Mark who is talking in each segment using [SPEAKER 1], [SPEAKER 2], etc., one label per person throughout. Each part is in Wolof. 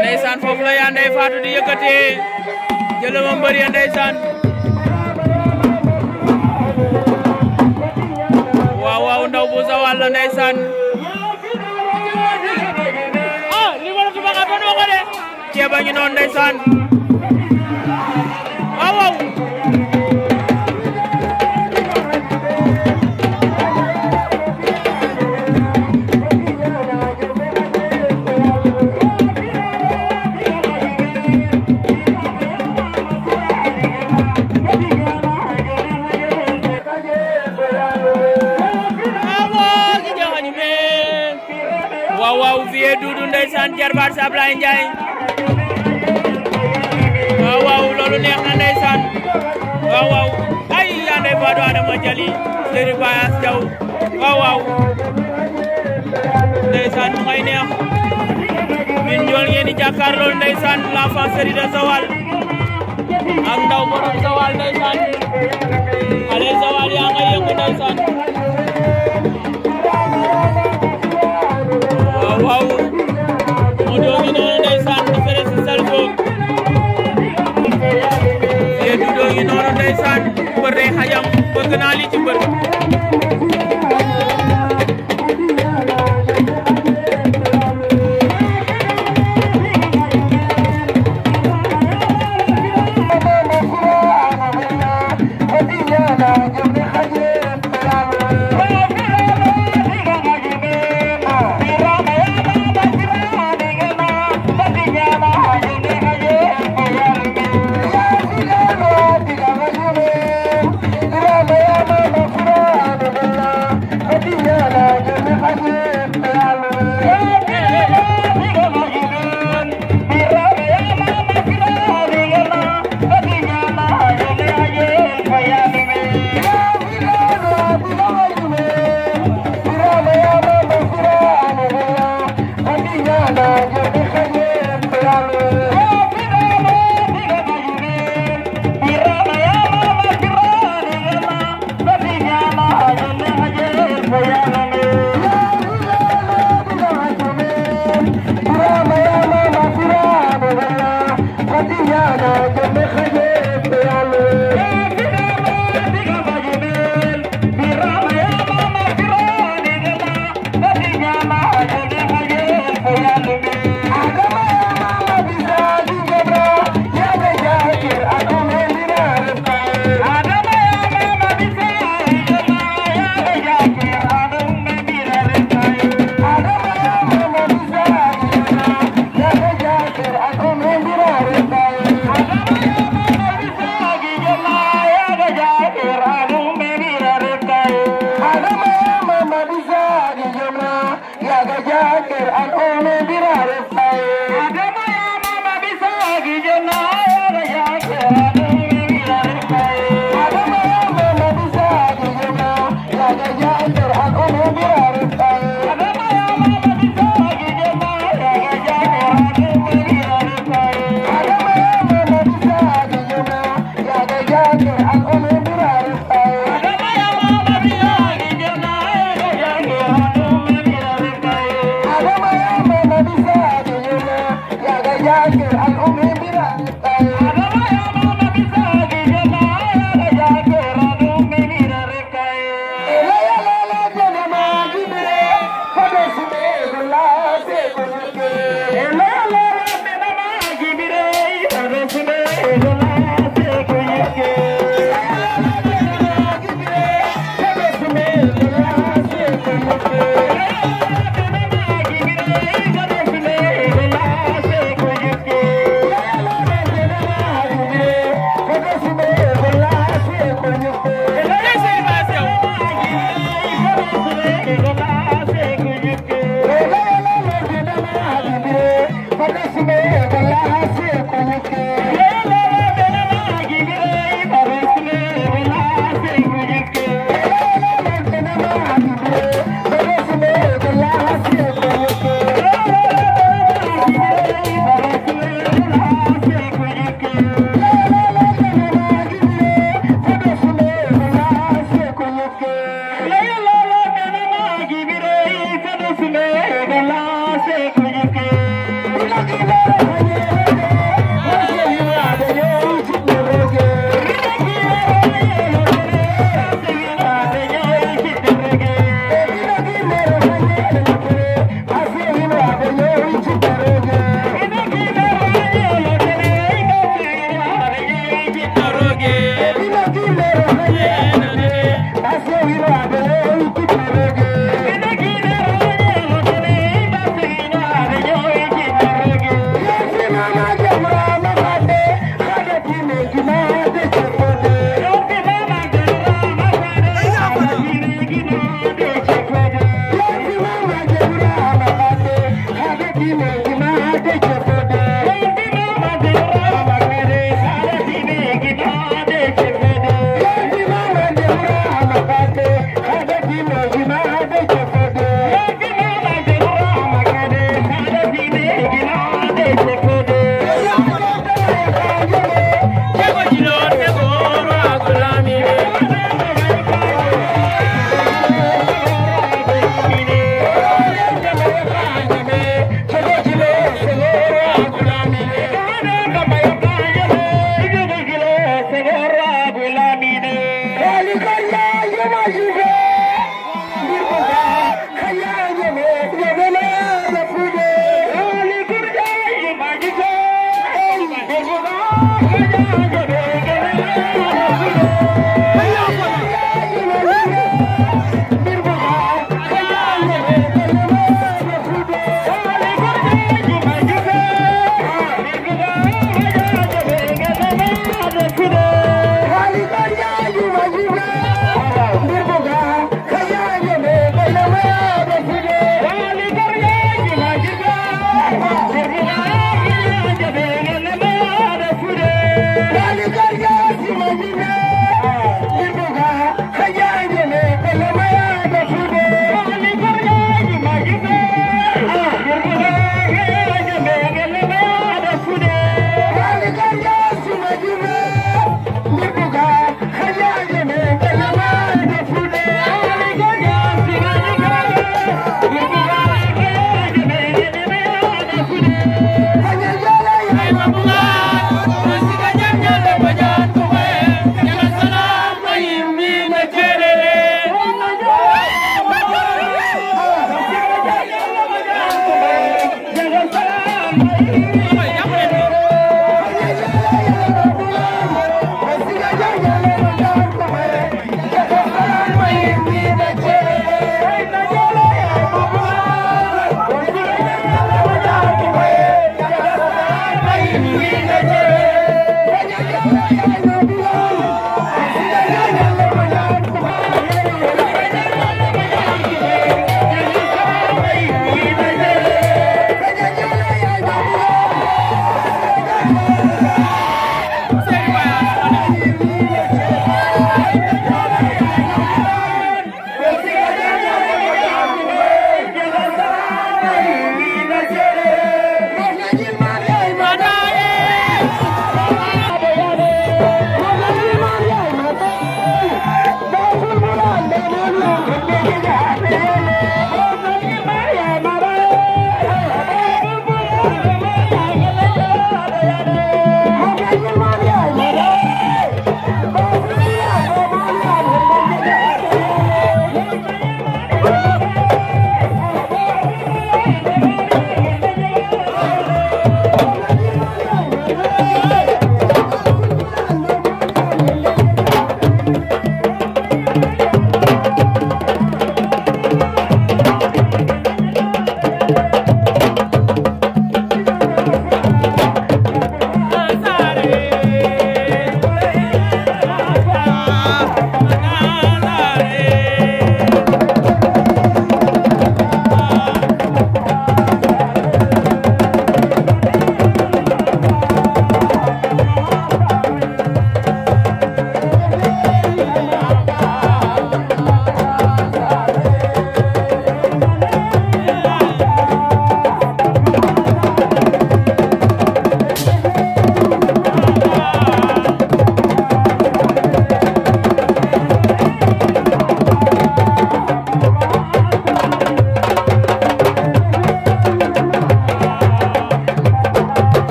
[SPEAKER 1] Ndaysan foofu la yaa ndey faatu di yëkkati jëlëma mbër ya ndaysan waaw waaw ndaw bu sawal la ndaysan ah li wala tuma ka bon waxo de ceeba Wow, Ndiaye waaw waaw wow, neex na ndeysaan waaw waaw ay wow, ndey Fadou Adama Jali Seri Bayas Diaw waaw waaw ndeysaan mu ngay neex min jool ngeen di jàkkaar loolu ndeysaan l'enfant Seri de Zawal ak ndaw borom Zawal ndeysaan wow. Zawal yaa ngay yëngu ndeysaan Wow. ngi noonu ndeysaan mbër day xajam bëgg naa li ci mbër
[SPEAKER 2] Imagina!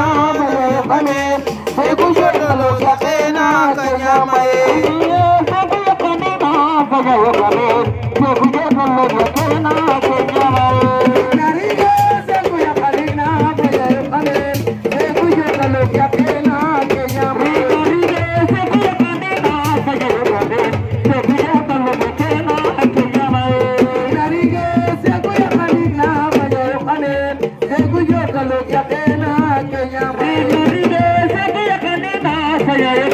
[SPEAKER 2] na bale bale sai ku shagalo sai na i mai sai ku yakane na bale bale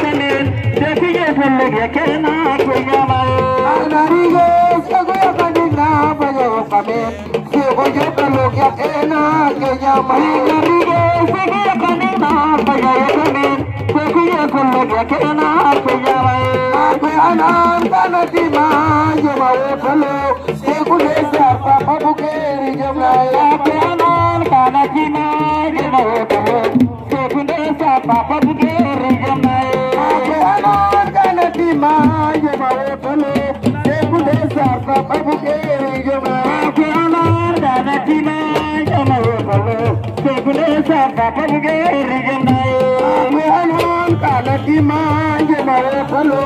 [SPEAKER 2] senin Defiyesizlik yekena kuyamay Anari göz Egoya kadina bayo samin Sigoya kalok yekena kuyamay Anari göz Egoya kadina bayo samin Defiyesizlik yekena kuyamay Akuyanan kanatima Yemawe kalo Sigule siyapa pabukeri jemlay Akuyanan kanatima Yemawe kalo बड़े भलो जेको न गाना की न कनवे भलो बेगुले सपनि गेज भॻवान काल की माज बरे भलो